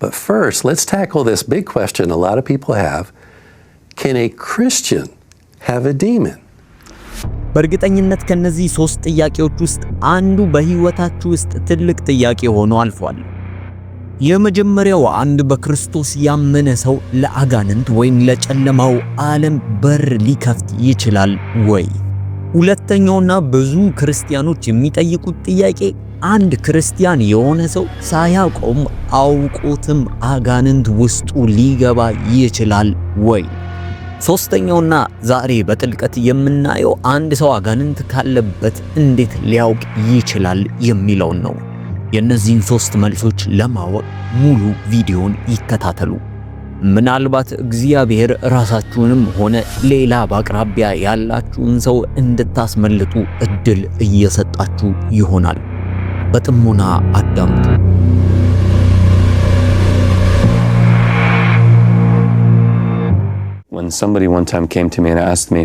But first, let's tackle this big question a lot of people have Can a Christian have a demon? በእርግጠኝነት ከነዚህ ሶስት ጥያቄዎች ውስጥ አንዱ በህይወታችሁ ውስጥ ትልቅ ጥያቄ ሆኖ አልፏል። የመጀመሪያው አንድ በክርስቶስ ያመነ ሰው ለአጋንንት ወይም ለጨለማው ዓለም በር ሊከፍት ይችላል ወይ? ሁለተኛውና ብዙ ክርስቲያኖች የሚጠይቁት ጥያቄ አንድ ክርስቲያን የሆነ ሰው ሳያውቀውም አውቆትም አጋንንት ውስጡ ሊገባ ይችላል ወይ? ሶስተኛውና ዛሬ በጥልቀት የምናየው አንድ ሰው አጋንንት ካለበት እንዴት ሊያውቅ ይችላል የሚለውን ነው። የእነዚህን ሶስት መልሶች ለማወቅ ሙሉ ቪዲዮን ይከታተሉ። ምናልባት እግዚአብሔር ራሳችሁንም ሆነ ሌላ በአቅራቢያ ያላችሁን ሰው እንድታስመልጡ እድል እየሰጣችሁ ይሆናል። በጥሞና አዳምጡ። When somebody one time came to me and asked me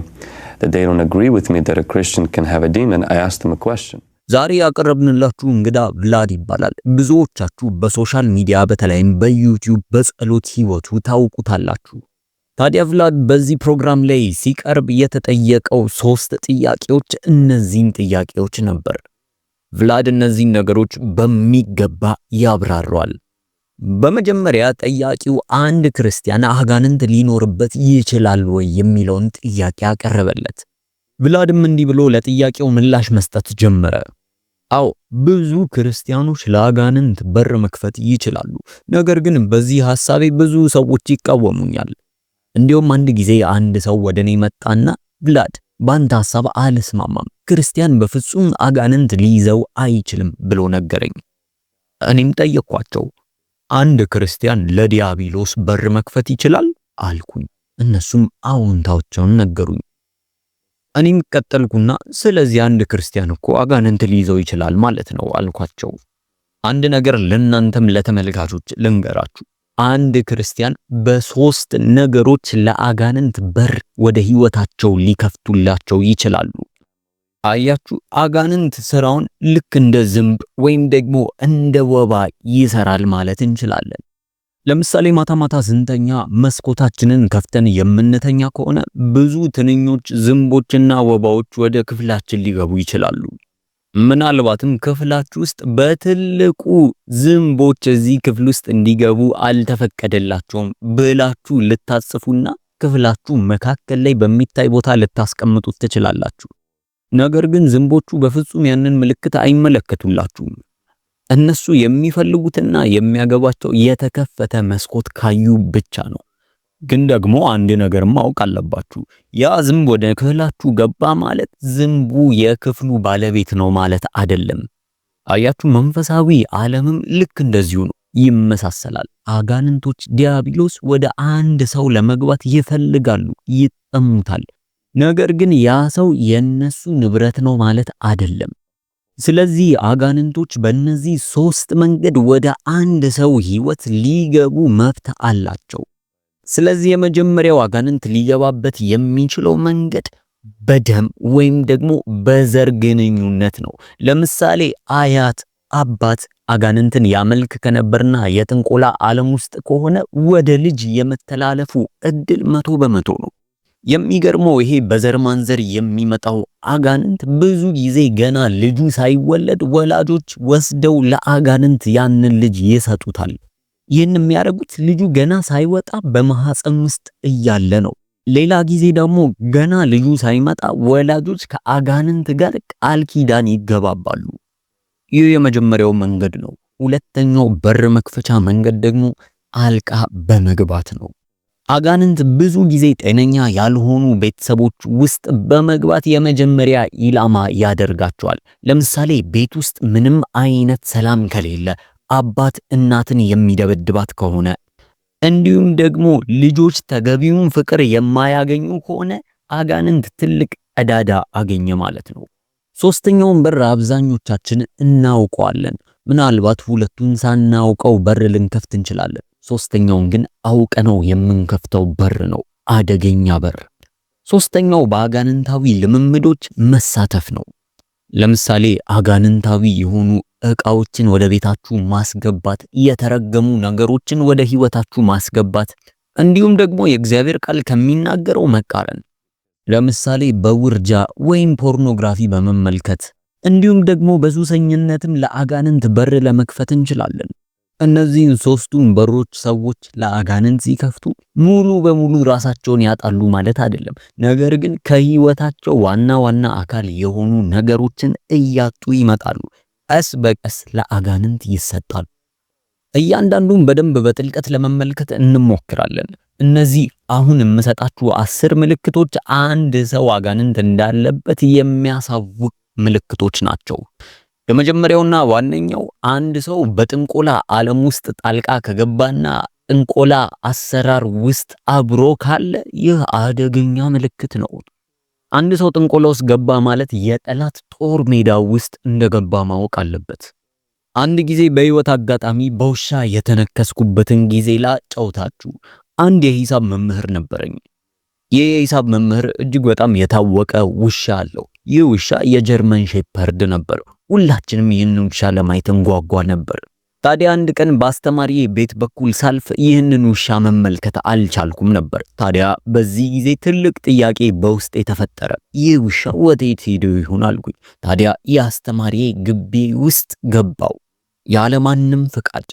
that they don't agree with me that a Christian can have a demon, I asked them a question. ዛሬ ያቀረብንላችሁ እንግዳ ቭላድ ይባላል። ብዙዎቻችሁ በሶሻል ሚዲያ በተለይም በዩቲዩብ በጸሎት ህይወቱ ታውቁታላችሁ። ታዲያ ቭላድ በዚህ ፕሮግራም ላይ ሲቀርብ የተጠየቀው ሶስት ጥያቄዎች እነዚህን ጥያቄዎች ነበር። ቭላድ እነዚህን ነገሮች በሚገባ ያብራሯል። በመጀመሪያ ጠያቂው አንድ ክርስቲያን አጋንንት ሊኖርበት ይችላል ወይ የሚለውን ጥያቄ አቀረበለት። ቭላድም እንዲህ ብሎ ለጥያቄው ምላሽ መስጠት ጀመረ። አዎ ብዙ ክርስቲያኖች ለአጋንንት በር መክፈት ይችላሉ፣ ነገር ግን በዚህ ሐሳቤ ብዙ ሰዎች ይቃወሙኛል። እንዲሁም አንድ ጊዜ አንድ ሰው ወደ እኔ መጣና ቭላድ በአንተ ሐሳብ አልስማማም፣ ክርስቲያን በፍጹም አጋንንት ሊይዘው አይችልም ብሎ ነገረኝ። እኔም ጠየቅኳቸው፣ አንድ ክርስቲያን ለዲያብሎስ በር መክፈት ይችላል አልኩኝ። እነሱም አዎንታቸውን ነገሩኝ። እኔም ቀጠልኩና ስለዚህ አንድ ክርስቲያን እኮ አጋንንት ሊይዘው ይችላል ማለት ነው አልኳቸው። አንድ ነገር ለእናንተም ለተመልካቾች ልንገራችሁ። አንድ ክርስቲያን በሶስት ነገሮች ለአጋንንት በር ወደ ህይወታቸው ሊከፍቱላቸው ይችላሉ። አያችሁ፣ አጋንንት ስራውን ልክ እንደ ዝንብ ወይም ደግሞ እንደ ወባ ይሰራል ማለት እንችላለን። ለምሳሌ ማታ ማታ ስንተኛ መስኮታችንን ከፍተን የምንተኛ ከሆነ ብዙ ትንኞች፣ ዝንቦችና ወባዎች ወደ ክፍላችን ሊገቡ ይችላሉ። ምናልባትም ክፍላችሁ ውስጥ በትልቁ ዝንቦች እዚህ ክፍል ውስጥ እንዲገቡ አልተፈቀደላቸውም ብላችሁ ልታጽፉና ክፍላችሁ መካከል ላይ በሚታይ ቦታ ልታስቀምጡት ትችላላችሁ። ነገር ግን ዝንቦቹ በፍጹም ያንን ምልክት አይመለከቱላችሁም። እነሱ የሚፈልጉትና የሚያገባቸው የተከፈተ መስኮት ካዩ ብቻ ነው። ግን ደግሞ አንድ ነገር ማወቅ አለባችሁ። ያ ዝንብ ወደ ክፍላችሁ ገባ ማለት ዝንቡ የክፍሉ ባለቤት ነው ማለት አይደለም። አያችሁ፣ መንፈሳዊ ዓለምም ልክ እንደዚሁ ነው፣ ይመሳሰላል። አጋንንቶች፣ ዲያብሎስ ወደ አንድ ሰው ለመግባት ይፈልጋሉ፣ ይጠሙታል። ነገር ግን ያ ሰው የነሱ ንብረት ነው ማለት አይደለም። ስለዚህ አጋንንቶች በእነዚህ ሶስት መንገድ ወደ አንድ ሰው ህይወት ሊገቡ መብት አላቸው። ስለዚህ የመጀመሪያው አጋንንት ሊገባበት የሚችለው መንገድ በደም ወይም ደግሞ በዘር ግንኙነት ነው። ለምሳሌ አያት፣ አባት አጋንንትን ያመልክ ከነበርና የጥንቆላ ዓለም ውስጥ ከሆነ ወደ ልጅ የመተላለፉ እድል መቶ በመቶ ነው። የሚገርመው ይሄ በዘር ማንዘር የሚመጣው አጋንንት ብዙ ጊዜ ገና ልጁ ሳይወለድ ወላጆች ወስደው ለአጋንንት ያንን ልጅ ይሰጡታል። ይህን የሚያደርጉት ልጁ ገና ሳይወጣ በማህፀን ውስጥ እያለ ነው። ሌላ ጊዜ ደግሞ ገና ልጁ ሳይመጣ ወላጆች ከአጋንንት ጋር ቃል ኪዳን ይገባባሉ። ይህ የመጀመሪያው መንገድ ነው። ሁለተኛው በር መክፈቻ መንገድ ደግሞ አልቃ በመግባት ነው። አጋንንት ብዙ ጊዜ ጤነኛ ያልሆኑ ቤተሰቦች ውስጥ በመግባት የመጀመሪያ ኢላማ ያደርጋቸዋል። ለምሳሌ ቤት ውስጥ ምንም አይነት ሰላም ከሌለ አባት እናትን የሚደበድባት ከሆነ እንዲሁም ደግሞ ልጆች ተገቢውን ፍቅር የማያገኙ ከሆነ አጋንንት ትልቅ ቀዳዳ አገኘ ማለት ነው። ሶስተኛውን በር አብዛኞቻችን እናውቀዋለን። ምናልባት ሁለቱን ሳናውቀው በር ልንከፍት እንችላለን። ሶስተኛውን ግን አውቀነው የምንከፍተው በር ነው፣ አደገኛ በር። ሶስተኛው በአጋንንታዊ ልምምዶች መሳተፍ ነው። ለምሳሌ አጋንንታዊ የሆኑ እቃዎችን ወደ ቤታችሁ ማስገባት፣ የተረገሙ ነገሮችን ወደ ህይወታችሁ ማስገባት እንዲሁም ደግሞ የእግዚአብሔር ቃል ከሚናገረው መቃረን፣ ለምሳሌ በውርጃ ወይም ፖርኖግራፊ በመመልከት እንዲሁም ደግሞ በሱሰኝነትም ለአጋንንት በር ለመክፈት እንችላለን። እነዚህን ሶስቱን በሮች ሰዎች ለአጋንንት ሲከፍቱ ሙሉ በሙሉ ራሳቸውን ያጣሉ ማለት አይደለም። ነገር ግን ከህይወታቸው ዋና ዋና አካል የሆኑ ነገሮችን እያጡ ይመጣሉ። ቀስ በቀስ ለአጋንንት ይሰጣሉ። እያንዳንዱን በደንብ በጥልቀት ለመመልከት እንሞክራለን። እነዚህ አሁን የምሰጣችሁ አስር ምልክቶች አንድ ሰው አጋንንት እንዳለበት የሚያሳውቅ ምልክቶች ናቸው። የመጀመሪያውና ዋነኛው አንድ ሰው በጥንቆላ ዓለም ውስጥ ጣልቃ ከገባና ጥንቆላ አሰራር ውስጥ አብሮ ካለ ይህ አደገኛ ምልክት ነው። አንድ ሰው ጥንቆላ ውስጥ ገባ ማለት የጠላት ጦር ሜዳ ውስጥ እንደገባ ማወቅ አለበት። አንድ ጊዜ በህይወት አጋጣሚ በውሻ የተነከስኩበትን ጊዜ ላጫውታችሁ። አንድ የሂሳብ መምህር ነበረኝ። ይህ የሂሳብ መምህር እጅግ በጣም የታወቀ ውሻ አለው። ይህ ውሻ የጀርመን ሼፐርድ ነበር። ሁላችንም ይህን ውሻ ለማየት እንጓጓ ነበር። ታዲያ አንድ ቀን በአስተማሪ ቤት በኩል ሳልፍ ይህንን ውሻ መመልከት አልቻልኩም ነበር። ታዲያ በዚህ ጊዜ ትልቅ ጥያቄ በውስጤ ተፈጠረ። ይህ ውሻ ወዴት ሄዶ ይሆን አልኩኝ። ታዲያ የአስተማሪ ግቢ ውስጥ ገባው ያለማንም ፍቃድ።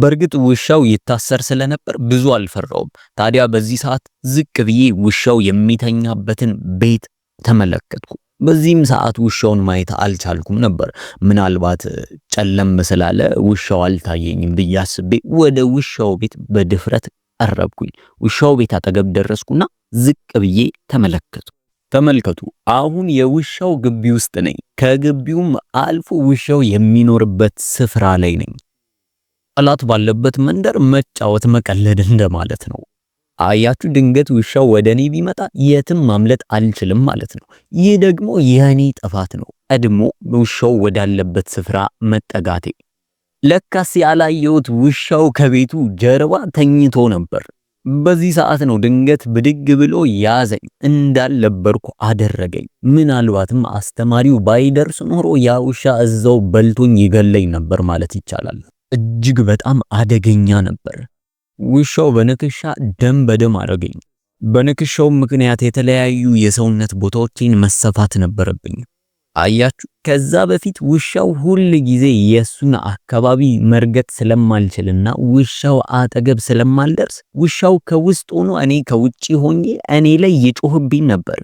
በእርግጥ ውሻው ይታሰር ስለነበር ብዙ አልፈራውም። ታዲያ በዚህ ሰዓት ዝቅ ብዬ ውሻው የሚተኛበትን ቤት ተመለከትኩ። በዚህም ሰዓት ውሻውን ማየት አልቻልኩም ነበር። ምናልባት ጨለም ስላለ ውሻው አልታየኝም ብዬ አስቤ ወደ ውሻው ቤት በድፍረት ቀረብኩኝ። ውሻው ቤት አጠገብ ደረስኩና ዝቅ ብዬ ተመለከቱ። ተመልከቱ አሁን የውሻው ግቢ ውስጥ ነኝ። ከግቢውም አልፎ ውሻው የሚኖርበት ስፍራ ላይ ነኝ። ጠላት ባለበት መንደር መጫወት መቀለድ እንደማለት ነው። አያችሁ ድንገት ውሻው ወደ እኔ ቢመጣ የትም ማምለጥ አልችልም ማለት ነው። ይህ ደግሞ የኔ ጥፋት ነው፣ ቀድሞ ውሻው ወዳለበት ስፍራ መጠጋቴ። ለካስ ያላየሁት ውሻው ከቤቱ ጀርባ ተኝቶ ነበር። በዚህ ሰዓት ነው ድንገት ብድግ ብሎ ያዘኝ፣ እንዳልነበርኩ አደረገኝ። ምናልባትም አስተማሪው ባይደርስ ኖሮ ያ ውሻ እዛው በልቶኝ ይገለኝ ነበር ማለት ይቻላል። እጅግ በጣም አደገኛ ነበር። ውሻው በንክሻ ደም በደም አደረገኝ። በንክሻው ምክንያት የተለያዩ የሰውነት ቦታዎችን መሰፋት ነበረብኝ። አያችሁ፣ ከዛ በፊት ውሻው ሁል ጊዜ የሱን አካባቢ መርገጥ ስለማልችልና ውሻው አጠገብ ስለማልደርስ ውሻው ከውስጥ ሆኖ እኔ ከውጪ ሆኜ እኔ ላይ ይጮህብኝ ነበር።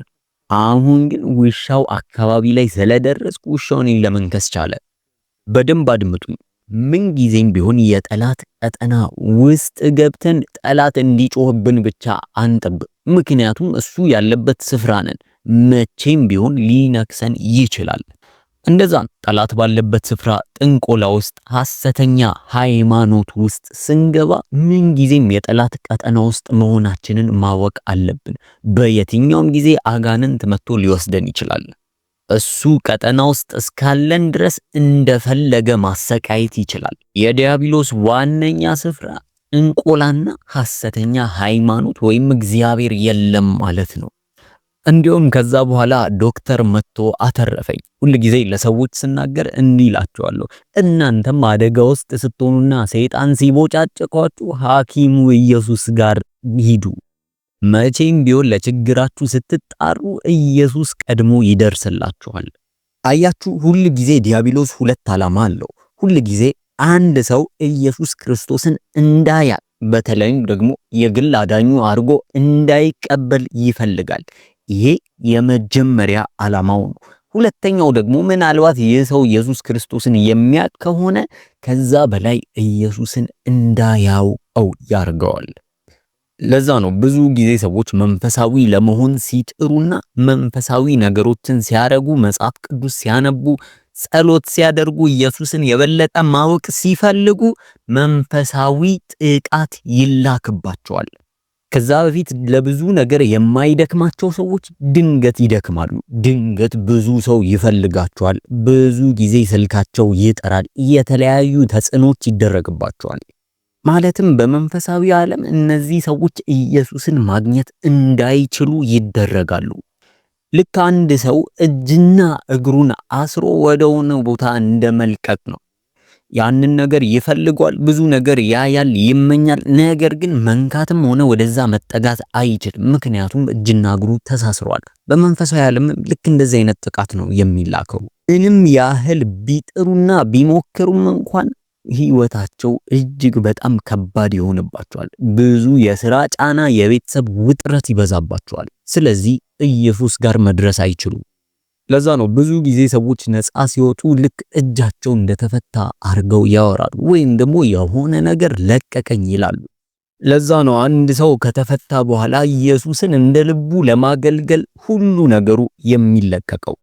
አሁን ግን ውሻው አካባቢ ላይ ስለደረስኩ ውሻውን ለመንከስ ቻለ። በደንብ አድምጡኝ። ምንጊዜም ቢሆን የጠላት ቀጠና ውስጥ ገብተን ጠላት እንዲጮህብን ብቻ አንጠብቅ። ምክንያቱም እሱ ያለበት ስፍራ ነን፣ መቼም ቢሆን ሊነክሰን ይችላል። እንደዛ ጠላት ባለበት ስፍራ ጥንቆላ ውስጥ ሐሰተኛ ሃይማኖት ውስጥ ስንገባ ምንጊዜም የጠላት ቀጠና ውስጥ መሆናችንን ማወቅ አለብን። በየትኛውም ጊዜ አጋንንት መጥቶ ሊወስደን ይችላል። እሱ ቀጠና ውስጥ እስካለን ድረስ እንደፈለገ ማሰቃየት ይችላል። የዲያብሎስ ዋነኛ ስፍራ እንቆላና ሐሰተኛ ሃይማኖት ወይም እግዚአብሔር የለም ማለት ነው። እንዲሁም ከዛ በኋላ ዶክተር መጥቶ አተረፈኝ። ሁል ጊዜ ለሰዎች ስናገር እንዲላቸዋለሁ፣ እናንተም አደጋ ውስጥ ስትሆኑና ሰይጣን ሲቦጫጭቋችሁ ሐኪሙ ኢየሱስ ጋር ሂዱ። መቼም ቢሆን ለችግራችሁ ስትጣሩ ኢየሱስ ቀድሞ ይደርስላችኋል። አያችሁ፣ ሁል ጊዜ ዲያብሎስ ሁለት ዓላማ አለው። ሁል ጊዜ አንድ ሰው ኢየሱስ ክርስቶስን እንዳያል በተለይም ደግሞ የግል አዳኙ አድርጎ እንዳይቀበል ይፈልጋል። ይሄ የመጀመሪያ ዓላማው ነው። ሁለተኛው ደግሞ ምናልባት ይህ ሰው ኢየሱስ ክርስቶስን የሚያውቅ ከሆነ ከዛ በላይ ኢየሱስን እንዳያውቀው ያርገዋል። ለዛ ነው ብዙ ጊዜ ሰዎች መንፈሳዊ ለመሆን ሲጥሩና መንፈሳዊ ነገሮችን ሲያደርጉ መጽሐፍ ቅዱስ ሲያነቡ ጸሎት ሲያደርጉ ኢየሱስን የበለጠ ማወቅ ሲፈልጉ መንፈሳዊ ጥቃት ይላክባቸዋል። ከዛ በፊት ለብዙ ነገር የማይደክማቸው ሰዎች ድንገት ይደክማሉ። ድንገት ብዙ ሰው ይፈልጋቸዋል። ብዙ ጊዜ ስልካቸው ይጠራል። የተለያዩ ተጽዕኖች ይደረግባቸዋል። ማለትም በመንፈሳዊ ዓለም እነዚህ ሰዎች ኢየሱስን ማግኘት እንዳይችሉ ይደረጋሉ። ልክ አንድ ሰው እጅና እግሩን አስሮ ወደሆነ ቦታ እንደ ነው። ያንን ነገር ይፈልጓል፣ ብዙ ነገር ያያል፣ ይመኛል። ነገር ግን መንካትም ሆነ ወደዛ መጠጋት አይችልም፣ ምክንያቱም እጅና እግሩ ተሳስሯል። በመንፈሳዊ ዓለም ልክ እንደዚህ አይነት ጥቃት ነው የሚላከው። ምንም ያህል ቢጥሩና ቢሞክሩም እንኳን ህይወታቸው እጅግ በጣም ከባድ ይሆንባቸዋል። ብዙ የስራ ጫና፣ የቤተሰብ ውጥረት ይበዛባቸዋል። ስለዚህ ኢየሱስ ጋር መድረስ አይችሉም። ለዛ ነው ብዙ ጊዜ ሰዎች ነፃ ሲወጡ ልክ እጃቸው እንደተፈታ አድርገው ያወራሉ፣ ወይም ደግሞ የሆነ ነገር ለቀቀኝ ይላሉ። ለዛ ነው አንድ ሰው ከተፈታ በኋላ ኢየሱስን እንደ ልቡ ለማገልገል ሁሉ ነገሩ የሚለቀቀው።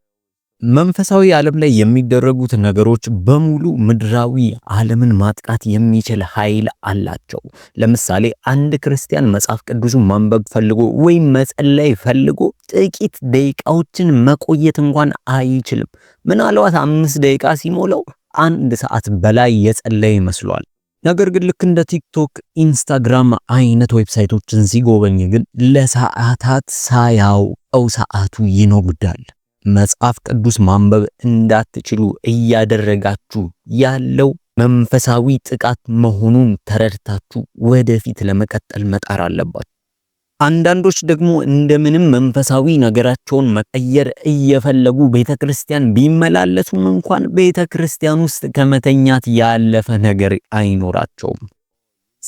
መንፈሳዊ ዓለም ላይ የሚደረጉት ነገሮች በሙሉ ምድራዊ ዓለምን ማጥቃት የሚችል ኃይል አላቸው። ለምሳሌ አንድ ክርስቲያን መጽሐፍ ቅዱሱን ማንበብ ፈልጎ ወይም መጸለይ ፈልጎ ጥቂት ደቂቃዎችን መቆየት እንኳን አይችልም። ምናልባት አምስት ደቂቃ ሲሞላው አንድ ሰዓት በላይ የጸለየ ይመስሏል። ነገር ግን ልክ እንደ ቲክቶክ፣ ኢንስታግራም አይነት ዌብሳይቶችን ሲጎበኝ ግን ለሰዓታት ሳያውቀው ሰዓቱ ይኖግዳል። መጽሐፍ ቅዱስ ማንበብ እንዳትችሉ እያደረጋችሁ ያለው መንፈሳዊ ጥቃት መሆኑን ተረድታችሁ ወደፊት ለመቀጠል መጣር አለባችሁ። አንዳንዶች ደግሞ እንደምንም መንፈሳዊ ነገራቸውን መቀየር እየፈለጉ ቤተ ክርስቲያን ቢመላለሱም እንኳን ቤተ ክርስቲያን ውስጥ ከመተኛት ያለፈ ነገር አይኖራቸውም።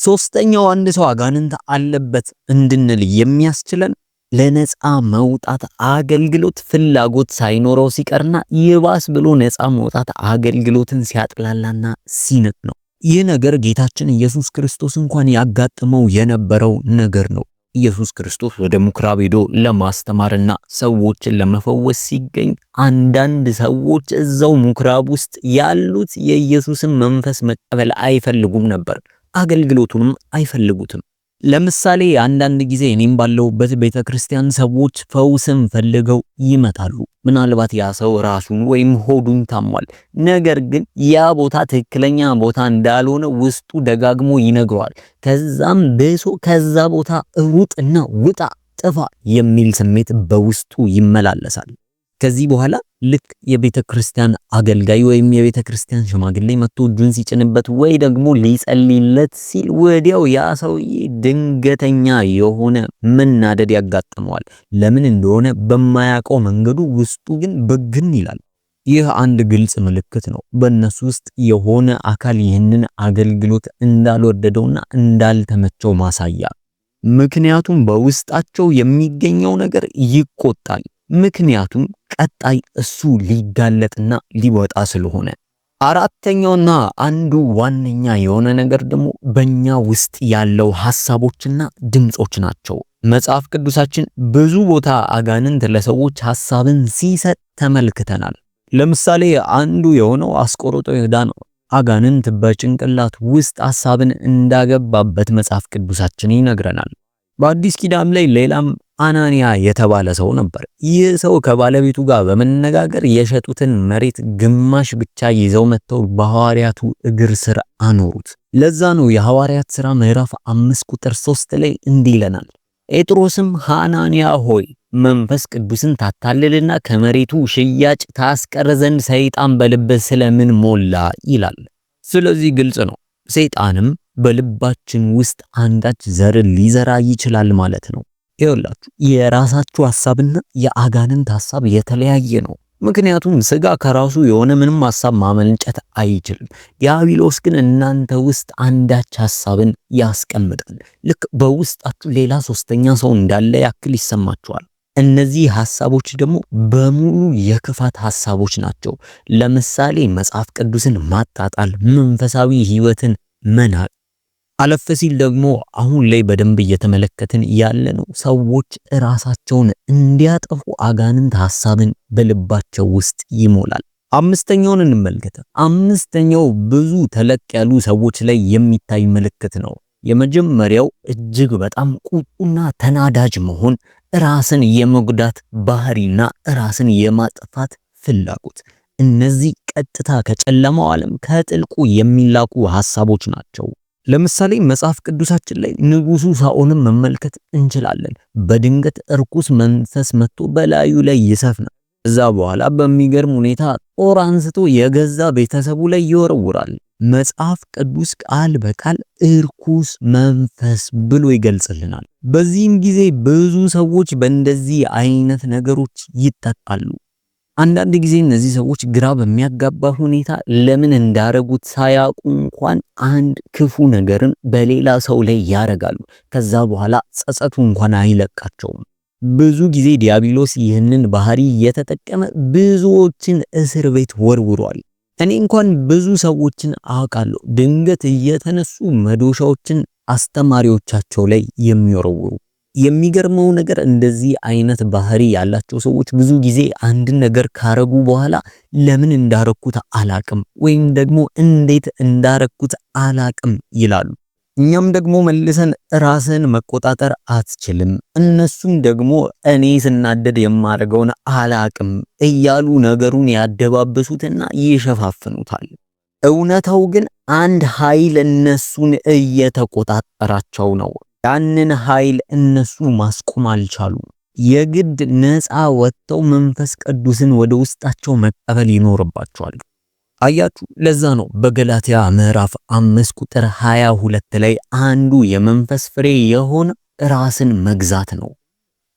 ሶስተኛው አንድ ሰው አጋንንት አለበት እንድንል የሚያስችለን ለነፃ መውጣት አገልግሎት ፍላጎት ሳይኖረው ሲቀርና ይባስ ብሎ ነፃ መውጣት አገልግሎትን ሲያጥላላና ሲንቅ ነው። ይህ ነገር ጌታችን ኢየሱስ ክርስቶስ እንኳን ያጋጥመው የነበረው ነገር ነው። ኢየሱስ ክርስቶስ ወደ ምኩራብ ሄዶ ለማስተማርና ሰዎችን ለመፈወስ ሲገኝ አንዳንድ ሰዎች እዛው ምኩራብ ውስጥ ያሉት የኢየሱስን መንፈስ መቀበል አይፈልጉም ነበር። አገልግሎቱንም አይፈልጉትም። ለምሳሌ አንዳንድ ጊዜ እኔም ባለውበት ቤተ ክርስቲያን ሰዎች ፈውስን ፈልገው ይመጣሉ። ምናልባት ያ ሰው ራሱን ወይም ሆዱን ታሟል። ነገር ግን ያ ቦታ ትክክለኛ ቦታ እንዳልሆነ ውስጡ ደጋግሞ ይነግሯል። ከዛም ብሶ ከዛ ቦታ ሩጥና ውጣ፣ ጥፋ የሚል ስሜት በውስጡ ይመላለሳል። ከዚህ በኋላ ልክ የቤተ ክርስቲያን አገልጋይ ወይም የቤተ ክርስቲያን ሽማግሌ መጥቶ እጁን ሲጭንበት ወይ ደግሞ ሊጸልይለት ሲል ወዲያው ያ ሰውዬ ድንገተኛ የሆነ መናደድ ያጋጥመዋል። ለምን እንደሆነ በማያውቀው መንገዱ ውስጡ ግን ብግን ይላል። ይህ አንድ ግልጽ ምልክት ነው። በእነሱ ውስጥ የሆነ አካል ይህንን አገልግሎት እንዳልወደደውና እንዳልተመቸው ማሳያ። ምክንያቱም በውስጣቸው የሚገኘው ነገር ይቆጣል። ምክንያቱም ቀጣይ እሱ ሊጋለጥና ሊወጣ ስለሆነ። አራተኛውና አንዱ ዋነኛ የሆነ ነገር ደግሞ በእኛ ውስጥ ያለው ሐሳቦችና ድምጾች ናቸው። መጽሐፍ ቅዱሳችን ብዙ ቦታ አጋንንት ለሰዎች ሐሳብን ሲሰጥ ተመልክተናል። ለምሳሌ አንዱ የሆነው አስቆሮጦ ይሁዳ ነው። አጋንንት በጭንቅላት ውስጥ ሐሳብን እንዳገባበት መጽሐፍ ቅዱሳችን ይነግረናል። በአዲስ ኪዳን ላይ ሌላም አናንያ የተባለ ሰው ነበር። ይህ ሰው ከባለቤቱ ጋር በመነጋገር የሸጡትን መሬት ግማሽ ብቻ ይዘው መጥተው በሐዋርያቱ እግር ስር አኖሩት። ለዛ ነው የሐዋርያት ሥራ ምዕራፍ 5 ቁጥር 3 ላይ እንዲህ ይለናል፣ ጴጥሮስም ሐናንያ ሆይ መንፈስ ቅዱስን ታታልልና ከመሬቱ ሽያጭ ታስቀር ዘንድ ሰይጣን በልብህ ስለምን ሞላ ይላል። ስለዚህ ግልጽ ነው ሰይጣንም በልባችን ውስጥ አንዳች ዘር ሊዘራ ይችላል ማለት ነው። ይኸውላችሁ የራሳችሁ ሐሳብና የአጋንንት ሐሳብ የተለያየ ነው። ምክንያቱም ስጋ ከራሱ የሆነ ምንም ሐሳብ ማመንጨት አይችልም። ዲያብሎስ ግን እናንተ ውስጥ አንዳች ሐሳብን ያስቀምጣል። ልክ በውስጣችሁ ሌላ ሶስተኛ ሰው እንዳለ ያክል ይሰማችኋል። እነዚህ ሐሳቦች ደግሞ በሙሉ የክፋት ሐሳቦች ናቸው። ለምሳሌ መጽሐፍ ቅዱስን ማጣጣል፣ መንፈሳዊ ህይወትን መናቅ አለፍ ሲል ደግሞ አሁን ላይ በደንብ እየተመለከትን ያለነው ሰዎች ራሳቸውን እንዲያጠፉ አጋንንት ሀሳብን በልባቸው ውስጥ ይሞላል። አምስተኛውን እንመልከት። አምስተኛው ብዙ ተለቅ ያሉ ሰዎች ላይ የሚታይ ምልክት ነው። የመጀመሪያው እጅግ በጣም ቁጡና ተናዳጅ መሆን፣ ራስን የመጉዳት ባህሪና ራስን የማጥፋት ፍላጎት። እነዚህ ቀጥታ ከጨለማው ዓለም ከጥልቁ የሚላኩ ሐሳቦች ናቸው። ለምሳሌ መጽሐፍ ቅዱሳችን ላይ ንጉሱ ሳኦልን መመልከት እንችላለን። በድንገት እርኩስ መንፈስ መጥቶ በላዩ ላይ ይሰፍናል። እዛ በኋላ በሚገርም ሁኔታ ጦር አንስቶ የገዛ ቤተሰቡ ላይ ይወረውራል። መጽሐፍ ቅዱስ ቃል በቃል እርኩስ መንፈስ ብሎ ይገልጽልናል። በዚህም ጊዜ ብዙ ሰዎች በእንደዚህ አይነት ነገሮች ይጠጣሉ። አንዳንድ ጊዜ እነዚህ ሰዎች ግራ በሚያጋባ ሁኔታ ለምን እንዳረጉት ሳያውቁ እንኳን አንድ ክፉ ነገርን በሌላ ሰው ላይ ያረጋሉ። ከዛ በኋላ ጸጸቱ እንኳን አይለቃቸውም። ብዙ ጊዜ ዲያብሎስ ይህንን ባህሪ እየተጠቀመ ብዙዎችን እስር ቤት ወርውሯል። እኔ እንኳን ብዙ ሰዎችን አውቃለሁ ድንገት እየተነሱ መዶሻዎችን አስተማሪዎቻቸው ላይ የሚወረውሩ የሚገርመው ነገር እንደዚህ አይነት ባህሪ ያላቸው ሰዎች ብዙ ጊዜ አንድን ነገር ካረጉ በኋላ ለምን እንዳረኩት አላቅም ወይም ደግሞ እንዴት እንዳረኩት አላቅም ይላሉ። እኛም ደግሞ መልሰን ራስን መቆጣጠር አትችልም፣ እነሱም ደግሞ እኔ ስናደድ የማረገውን አላቅም እያሉ ነገሩን ያደባበሱትና ይሸፋፍኑታል። እውነታው ግን አንድ ኃይል እነሱን እየተቆጣጠራቸው ነው። ያንን ኃይል እነሱ ማስቆም አልቻሉም። የግድ ነፃ ወጥተው መንፈስ ቅዱስን ወደ ውስጣቸው መቀበል ይኖርባቸዋል። አያችሁ፣ ለዛ ነው በገላትያ ምዕራፍ 5 ቁጥር 22 ላይ አንዱ የመንፈስ ፍሬ የሆነ ራስን መግዛት ነው።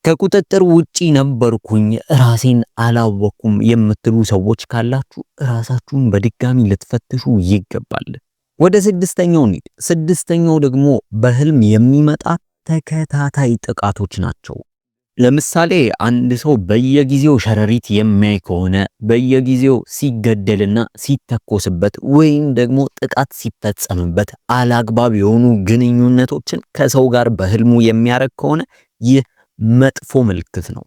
ከቁጥጥር ውጪ ነበርኩኝ ራሴን አላወኩም የምትሉ ሰዎች ካላችሁ ራሳችሁን በድጋሚ ልትፈትሹ ይገባል። ወደ ስድስተኛው እንሂድ። ስድስተኛው ደግሞ በህልም የሚመጣ ተከታታይ ጥቃቶች ናቸው። ለምሳሌ አንድ ሰው በየጊዜው ሸረሪት የሚያይ ከሆነ በየጊዜው ሲገደልና ሲተኮስበት ወይም ደግሞ ጥቃት ሲፈጸምበት አላግባብ የሆኑ ግንኙነቶችን ከሰው ጋር በህልሙ የሚያደርግ ከሆነ ይህ መጥፎ ምልክት ነው።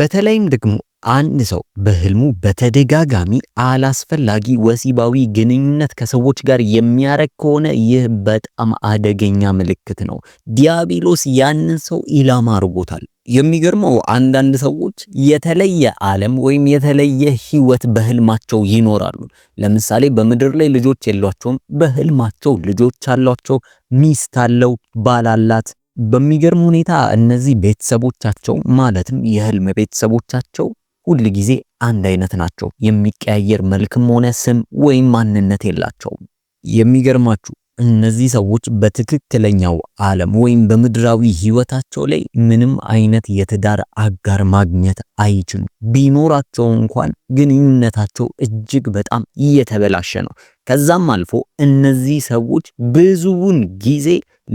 በተለይም ደግሞ አንድ ሰው በህልሙ በተደጋጋሚ አላስፈላጊ ወሲባዊ ግንኙነት ከሰዎች ጋር የሚያረግ ከሆነ ይህ በጣም አደገኛ ምልክት ነው። ዲያብሎስ ያንን ሰው ኢላማ አርጎታል። የሚገርመው አንዳንድ ሰዎች የተለየ ዓለም ወይም የተለየ ህይወት በህልማቸው ይኖራሉ። ለምሳሌ በምድር ላይ ልጆች የሏቸውም፣ በህልማቸው ልጆች አሏቸው። ሚስት አለው፣ ባል አላት። በሚገርም ሁኔታ እነዚህ ቤተሰቦቻቸው ማለትም የህልም ቤተሰቦቻቸው ሁል ጊዜ አንድ አይነት ናቸው። የሚቀያየር መልክም ሆነ ስም ወይም ማንነት የላቸውም። የሚገርማችሁ እነዚህ ሰዎች በትክክለኛው ዓለም ወይም በምድራዊ ህይወታቸው ላይ ምንም አይነት የትዳር አጋር ማግኘት አይችሉም። ቢኖራቸው እንኳን ግንኙነታቸው እጅግ በጣም እየተበላሸ ነው። ከዛም አልፎ እነዚህ ሰዎች ብዙውን ጊዜ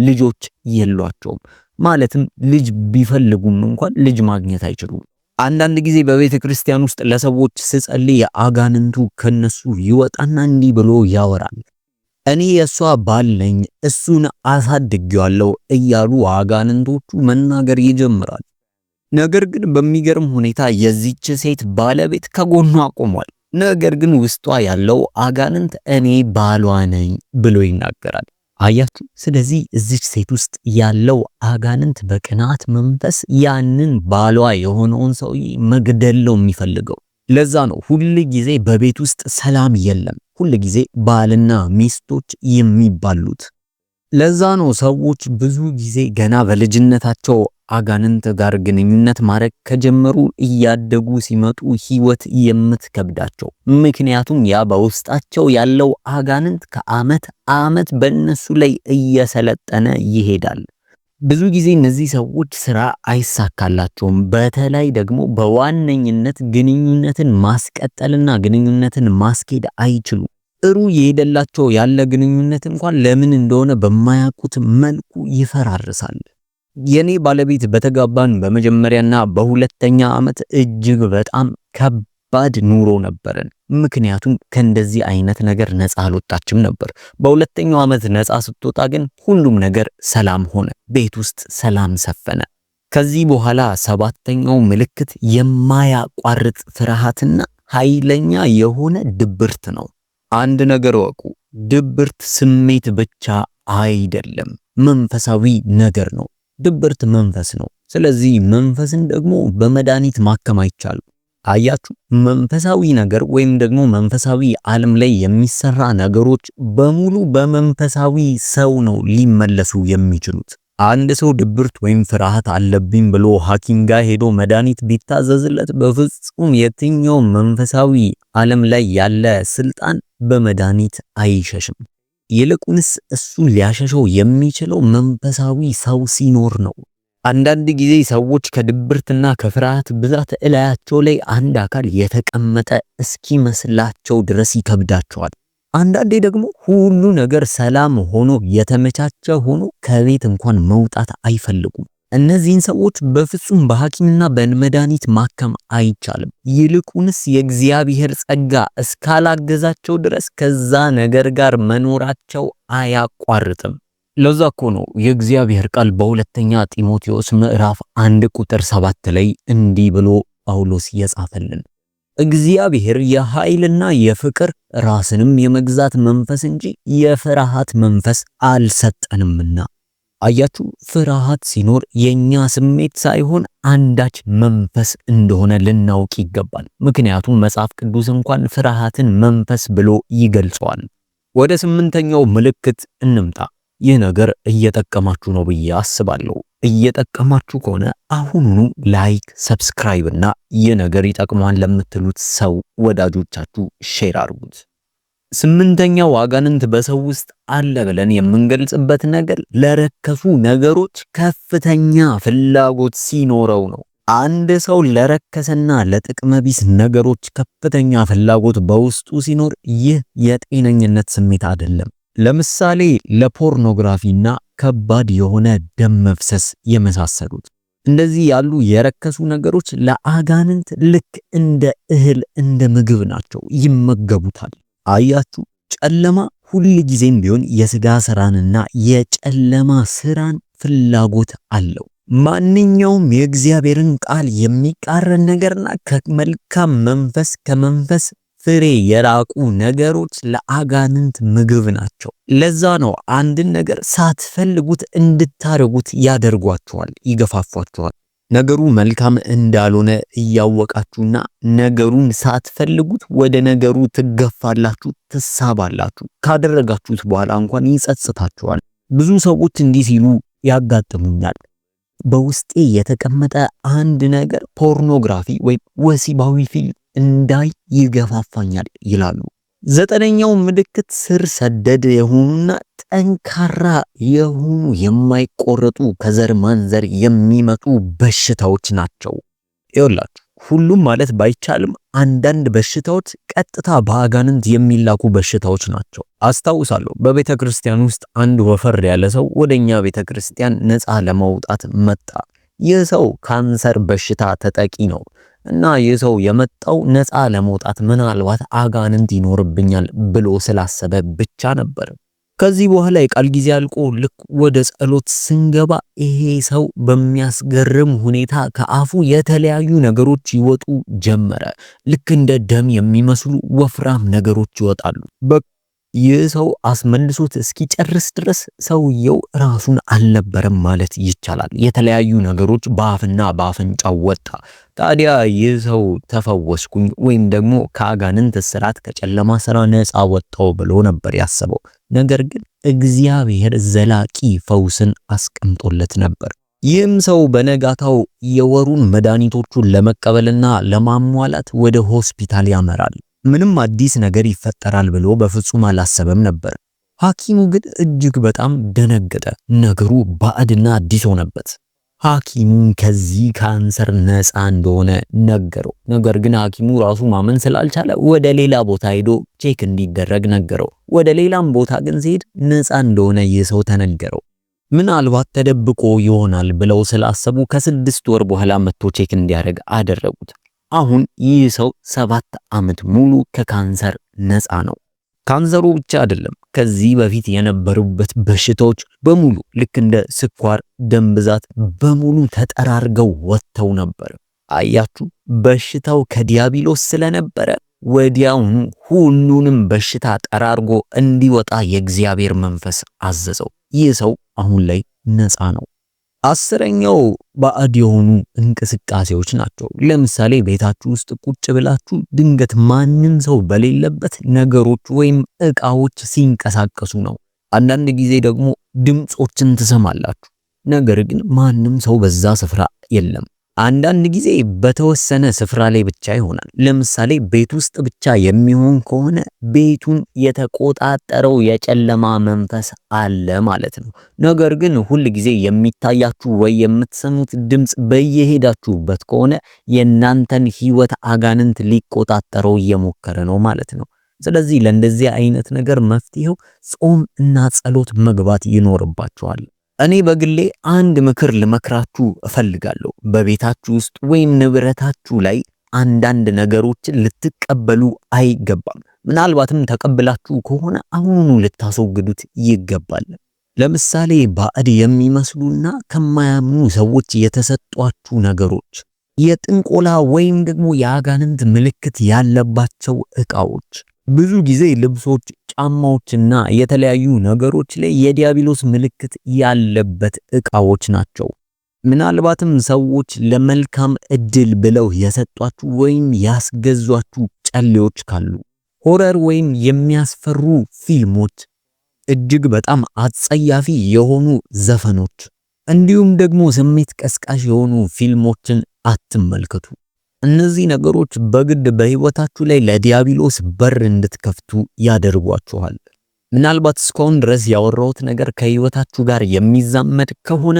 ልጆች የሏቸውም። ማለትም ልጅ ቢፈልጉም እንኳን ልጅ ማግኘት አይችሉም። አንዳንድ ጊዜ በቤተ ክርስቲያን ውስጥ ለሰዎች ስጸልይ አጋንንቱ ከነሱ ይወጣና እንዲህ ብሎ ያወራል፣ እኔ የእሷ ባል ነኝ፣ እሱን አሳድጌዋለሁ እያሉ አጋንንቶቹ መናገር ይጀምራል። ነገር ግን በሚገርም ሁኔታ የዚች ሴት ባለቤት ከጎኗ ቆሟል። ነገር ግን ውስጧ ያለው አጋንንት እኔ ባሏ ነኝ ብሎ ይናገራል። አያችሁ። ስለዚህ እዚች ሴት ውስጥ ያለው አጋንንት በቅናት መንፈስ ያንን ባሏ የሆነውን ሰውዬ መግደል ነው የሚፈልገው። ለዛ ነው ሁል ጊዜ በቤት ውስጥ ሰላም የለም፣ ሁል ጊዜ ባልና ሚስቶች የሚባሉት። ለዛ ነው ሰዎች ብዙ ጊዜ ገና በልጅነታቸው አጋንንት ጋር ግንኙነት ማድረግ ከጀመሩ እያደጉ ሲመጡ ህይወት የምትከብዳቸው። ምክንያቱም ያ በውስጣቸው ያለው አጋንንት ከአመት አመት በእነሱ ላይ እየሰለጠነ ይሄዳል። ብዙ ጊዜ እነዚህ ሰዎች ስራ አይሳካላቸውም። በተለይ ደግሞ በዋነኝነት ግንኙነትን ማስቀጠልና ግንኙነትን ማስኬድ አይችሉም። ጥሩ የሄደላቸው ያለ ግንኙነት እንኳን ለምን እንደሆነ በማያውቁት መልኩ ይፈራርሳል። የኔ ባለቤት በተጋባን በመጀመሪያና በሁለተኛ ዓመት እጅግ በጣም ከባድ ኑሮ ነበረን። ምክንያቱም ከእንደዚህ አይነት ነገር ነፃ አልወጣችም ነበር። በሁለተኛው ዓመት ነፃ ስትወጣ ግን ሁሉም ነገር ሰላም ሆነ። ቤት ውስጥ ሰላም ሰፈነ። ከዚህ በኋላ ሰባተኛው ምልክት የማያቋርጥ ፍርሃትና ኃይለኛ የሆነ ድብርት ነው። አንድ ነገር ወቁ፣ ድብርት ስሜት ብቻ አይደለም፣ መንፈሳዊ ነገር ነው። ድብርት መንፈስ ነው። ስለዚህ መንፈስን ደግሞ በመድኃኒት ማከም አይቻልም። አያችሁ፣ መንፈሳዊ ነገር ወይም ደግሞ መንፈሳዊ ዓለም ላይ የሚሰራ ነገሮች በሙሉ በመንፈሳዊ ሰው ነው ሊመለሱ የሚችሉት። አንድ ሰው ድብርት ወይም ፍርሃት አለብኝ ብሎ ሐኪም ጋር ሄዶ መድኃኒት ቢታዘዝለት በፍጹም የትኛው መንፈሳዊ ዓለም ላይ ያለ ስልጣን በመድኃኒት አይሸሽም። ይልቁንስ እሱን ሊያሸሸው የሚችለው መንፈሳዊ ሰው ሲኖር ነው። አንዳንድ ጊዜ ሰዎች ከድብርትና ከፍርሃት ብዛት እላያቸው ላይ አንድ አካል የተቀመጠ እስኪመስላቸው ድረስ ይከብዳቸዋል። አንዳንዴ ደግሞ ሁሉ ነገር ሰላም ሆኖ የተመቻቸ ሆኖ ከቤት እንኳን መውጣት አይፈልጉም። እነዚህን ሰዎች በፍጹም በሐኪምና በመድኃኒት ማከም አይቻልም። ይልቁንስ የእግዚአብሔር ጸጋ እስካላገዛቸው ድረስ ከዛ ነገር ጋር መኖራቸው አያቋርጥም። ለዛ እኮ ነው የእግዚአብሔር ቃል በሁለተኛ ጢሞቴዎስ ምዕራፍ አንድ ቁጥር ሰባት ላይ እንዲህ ብሎ ጳውሎስ የጻፈልን እግዚአብሔር የኃይልና የፍቅር ራስንም የመግዛት መንፈስ እንጂ የፍርሃት መንፈስ አልሰጠንምና አያችሁ ፍርሃት ሲኖር የኛ ስሜት ሳይሆን አንዳች መንፈስ እንደሆነ ልናውቅ ይገባል። ምክንያቱም መጽሐፍ ቅዱስ እንኳን ፍርሃትን መንፈስ ብሎ ይገልጸዋል። ወደ ስምንተኛው ምልክት እንምጣ። ይህ ነገር እየጠቀማችሁ ነው ብዬ አስባለሁ። እየጠቀማችሁ ከሆነ አሁኑኑ ላይክ፣ ሰብስክራይብ እና ይህ ነገር ይጠቅማል ለምትሉት ሰው ወዳጆቻችሁ ሼር አድርጉት። ስምንተኛው አጋንንት በሰው ውስጥ አለ ብለን የምንገልጽበት ነገር ለረከሱ ነገሮች ከፍተኛ ፍላጎት ሲኖረው ነው። አንድ ሰው ለረከሰና ለጥቅመቢስ ቢስ ነገሮች ከፍተኛ ፍላጎት በውስጡ ሲኖር ይህ የጤነኝነት ስሜት አይደለም። ለምሳሌ ለፖርኖግራፊና ከባድ የሆነ ደም መፍሰስ የመሳሰሉት እንደዚህ ያሉ የረከሱ ነገሮች ለአጋንንት ልክ እንደ እህል እንደ ምግብ ናቸው፣ ይመገቡታል። አያችሁ፣ ጨለማ ሁል ጊዜም ቢሆን የስጋ ስራንና የጨለማ ስራን ፍላጎት አለው። ማንኛውም የእግዚአብሔርን ቃል የሚቃረን ነገርና ከመልካም መንፈስ ከመንፈስ ፍሬ የራቁ ነገሮች ለአጋንንት ምግብ ናቸው። ለዛ ነው አንድን ነገር ሳትፈልጉት እንድታደርጉት ያደርጓችኋል፣ ይገፋፏችኋል። ነገሩ መልካም እንዳልሆነ እያወቃችሁና ነገሩን ሳትፈልጉት ወደ ነገሩ ትገፋላችሁ፣ ትሳባላችሁ። ካደረጋችሁት በኋላ እንኳን ይጸጽታችኋል። ብዙ ሰዎች እንዲህ ሲሉ ያጋጥሙኛል። በውስጤ የተቀመጠ አንድ ነገር ፖርኖግራፊ ወይም ወሲባዊ ፊልም እንዳይ ይገፋፋኛል ይላሉ። ዘጠነኛው ምልክት ስር ሰደድ የሆኑና ጠንካራ የሆኑ የማይቆረጡ ከዘር ማንዘር የሚመጡ በሽታዎች ናቸው። ይወላችሁ ሁሉም ማለት ባይቻልም አንዳንድ በሽታዎች ቀጥታ በአጋንንት የሚላኩ በሽታዎች ናቸው። አስታውሳለሁ በቤተ ክርስቲያን ውስጥ አንድ ወፈር ያለ ሰው ወደኛ ቤተ ክርስቲያን ነፃ ለመውጣት መጣ። ይህ ሰው ካንሰር በሽታ ተጠቂ ነው። እና ይህ ሰው የመጣው ነፃ ለመውጣት ምናልባት አጋንንት ይኖርብኛል ብሎ ስላሰበ ብቻ ነበር። ከዚህ በኋላ የቃል ጊዜ አልቆ ልክ ወደ ጸሎት ስንገባ ይሄ ሰው በሚያስገርም ሁኔታ ከአፉ የተለያዩ ነገሮች ይወጡ ጀመረ። ልክ እንደ ደም የሚመስሉ ወፍራም ነገሮች ይወጣሉ። ይህ ሰው አስመልሶት እስኪጨርስ ድረስ ሰውየው ራሱን አልነበረም ማለት ይቻላል። የተለያዩ ነገሮች በአፍና በአፍንጫው ወጣ። ታዲያ ይህ ሰው ተፈወስኩኝ ወይም ደግሞ ከአጋንንት እስራት ከጨለማ ስራ ነፃ ወጣው ብሎ ነበር ያሰበው። ነገር ግን እግዚአብሔር ዘላቂ ፈውስን አስቀምጦለት ነበር። ይህም ሰው በነጋታው የወሩን መድኃኒቶቹን ለመቀበልና ለማሟላት ወደ ሆስፒታል ያመራል። ምንም አዲስ ነገር ይፈጠራል ብሎ በፍጹም አላሰበም ነበር። ሐኪሙ ግን እጅግ በጣም ደነገጠ። ነገሩ ባዕድና አዲስ ሆነበት። ሐኪሙም ከዚህ ካንሰር ነፃ እንደሆነ ነገረው። ነገር ግን ሐኪሙ ራሱ ማመን ስላልቻለ ወደ ሌላ ቦታ ሄዶ ቼክ እንዲደረግ ነገረው። ወደ ሌላም ቦታ ግን ሲሄድ ነፃ እንደሆነ ይህ ሰው ተነገረው። ምናልባት ተደብቆ ይሆናል ብለው ስላሰቡ ከስድስት ወር በኋላ መጥቶ ቼክ እንዲያደርግ አደረጉት። አሁን ይህ ሰው ሰባት ዓመት ሙሉ ከካንሰር ነፃ ነው። ካንሰሩ ብቻ አይደለም፣ ከዚህ በፊት የነበሩበት በሽታዎች በሙሉ ልክ እንደ ስኳር፣ ደም ብዛት በሙሉ ተጠራርገው ወጥተው ነበር። አያችሁ፣ በሽታው ከዲያብሎስ ስለነበረ ወዲያውኑ ሁሉንም በሽታ ጠራርጎ እንዲወጣ የእግዚአብሔር መንፈስ አዘዘው። ይህ ሰው አሁን ላይ ነፃ ነው። አስረኛው ባዕድ የሆኑ እንቅስቃሴዎች ናቸው። ለምሳሌ ቤታችሁ ውስጥ ቁጭ ብላችሁ ድንገት ማንም ሰው በሌለበት ነገሮች ወይም እቃዎች ሲንቀሳቀሱ ነው። አንዳንድ ጊዜ ደግሞ ድምፆችን ትሰማላችሁ፣ ነገር ግን ማንም ሰው በዛ ስፍራ የለም። አንዳንድ ጊዜ በተወሰነ ስፍራ ላይ ብቻ ይሆናል። ለምሳሌ ቤት ውስጥ ብቻ የሚሆን ከሆነ ቤቱን የተቆጣጠረው የጨለማ መንፈስ አለ ማለት ነው። ነገር ግን ሁል ጊዜ የሚታያችሁ ወይ የምትሰሙት ድምፅ በየሄዳችሁበት ከሆነ የእናንተን ሕይወት አጋንንት ሊቆጣጠረው እየሞከረ ነው ማለት ነው። ስለዚህ ለእንደዚህ አይነት ነገር መፍትሄው ጾም እና ጸሎት መግባት ይኖርባችኋል። እኔ በግሌ አንድ ምክር ልመክራችሁ እፈልጋለሁ። በቤታችሁ ውስጥ ወይም ንብረታችሁ ላይ አንዳንድ ነገሮችን ልትቀበሉ አይገባም። ምናልባትም ተቀብላችሁ ከሆነ አሁኑ ልታስወግዱት ይገባል። ለምሳሌ ባዕድ የሚመስሉና ከማያምኑ ሰዎች የተሰጧችሁ ነገሮች፣ የጥንቆላ ወይም ደግሞ የአጋንንት ምልክት ያለባቸው ዕቃዎች ብዙ ጊዜ ልብሶች፣ ጫማዎችና የተለያዩ ነገሮች ላይ የዲያብሎስ ምልክት ያለበት እቃዎች ናቸው። ምናልባትም ሰዎች ለመልካም እድል ብለው የሰጧችሁ ወይም ያስገዟችሁ ጨሌዎች ካሉ ሆረር ወይም የሚያስፈሩ ፊልሞች፣ እጅግ በጣም አጸያፊ የሆኑ ዘፈኖች እንዲሁም ደግሞ ስሜት ቀስቃሽ የሆኑ ፊልሞችን አትመልከቱ። እነዚህ ነገሮች በግድ በህይወታችሁ ላይ ለዲያብሎስ በር እንድትከፍቱ ያደርጓችኋል። ምናልባት እስካሁን ድረስ ያወራሁት ነገር ከህይወታችሁ ጋር የሚዛመድ ከሆነ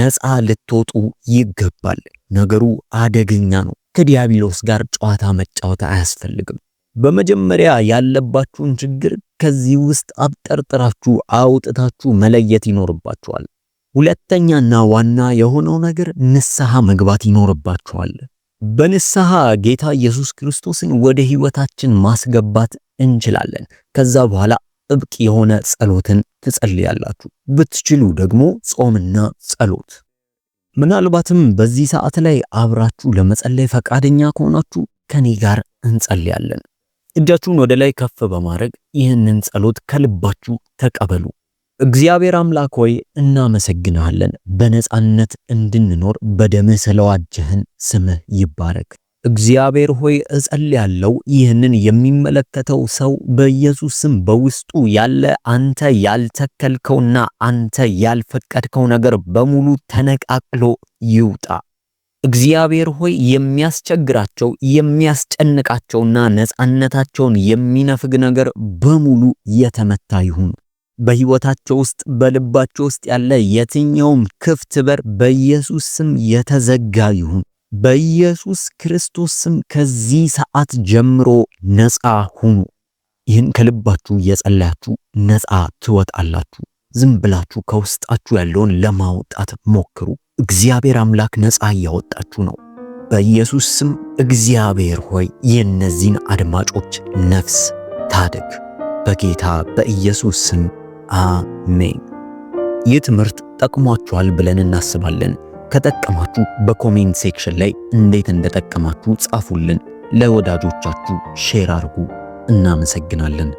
ነፃ ልትወጡ ይገባል። ነገሩ አደገኛ ነው። ከዲያብሎስ ጋር ጨዋታ መጫወት አያስፈልግም። በመጀመሪያ ያለባችሁን ችግር ከዚህ ውስጥ አብጠርጥራችሁ አውጥታችሁ መለየት ይኖርባችኋል። ሁለተኛና ዋና የሆነው ነገር ንስሐ መግባት ይኖርባችኋል። በንስሐ ጌታ ኢየሱስ ክርስቶስን ወደ ህይወታችን ማስገባት እንችላለን። ከዛ በኋላ ጥብቅ የሆነ ጸሎትን ትጸልያላችሁ። ብትችሉ ደግሞ ጾምና ጸሎት። ምናልባትም በዚህ ሰዓት ላይ አብራችሁ ለመጸለይ ፈቃደኛ ከሆናችሁ ከኔ ጋር እንጸልያለን። እጃችሁን ወደ ላይ ከፍ በማድረግ ይህንን ጸሎት ከልባችሁ ተቀበሉ። እግዚአብሔር አምላክ ሆይ እናመሰግናለን በነጻነት እንድንኖር በደምህ ስለዋጀህን ስምህ ይባረክ። እግዚአብሔር ሆይ እጸልያለሁ፣ ይህንን የሚመለከተው ሰው በኢየሱስ ስም በውስጡ ያለ አንተ ያልተከልከውና አንተ ያልፈቀድከው ነገር በሙሉ ተነቃቅሎ ይውጣ። እግዚአብሔር ሆይ የሚያስቸግራቸው የሚያስጨንቃቸውና ነጻነታቸውን የሚነፍግ ነገር በሙሉ የተመታ ይሁን። በህይወታቸው ውስጥ በልባቸው ውስጥ ያለ የትኛውም ክፍት በር በኢየሱስ ስም የተዘጋ ይሁን። በኢየሱስ ክርስቶስ ስም ከዚህ ሰዓት ጀምሮ ነፃ ሁኑ። ይህን ከልባችሁ እየጸለያችሁ ነፃ ትወጣላችሁ። ዝም ብላችሁ ከውስጣችሁ ያለውን ለማውጣት ሞክሩ። እግዚአብሔር አምላክ ነፃ እያወጣችሁ ነው። በኢየሱስ ስም እግዚአብሔር ሆይ የእነዚህን አድማጮች ነፍስ ታደግ። በጌታ በኢየሱስ ስም አሜን። ይህ ትምህርት ጠቅሟችኋል ብለን እናስባለን። ከጠቀማችሁ በኮሜንት ሴክሽን ላይ እንዴት እንደጠቀማችሁ ጻፉልን። ለወዳጆቻችሁ ሼር አድርጉ። እናመሰግናለን።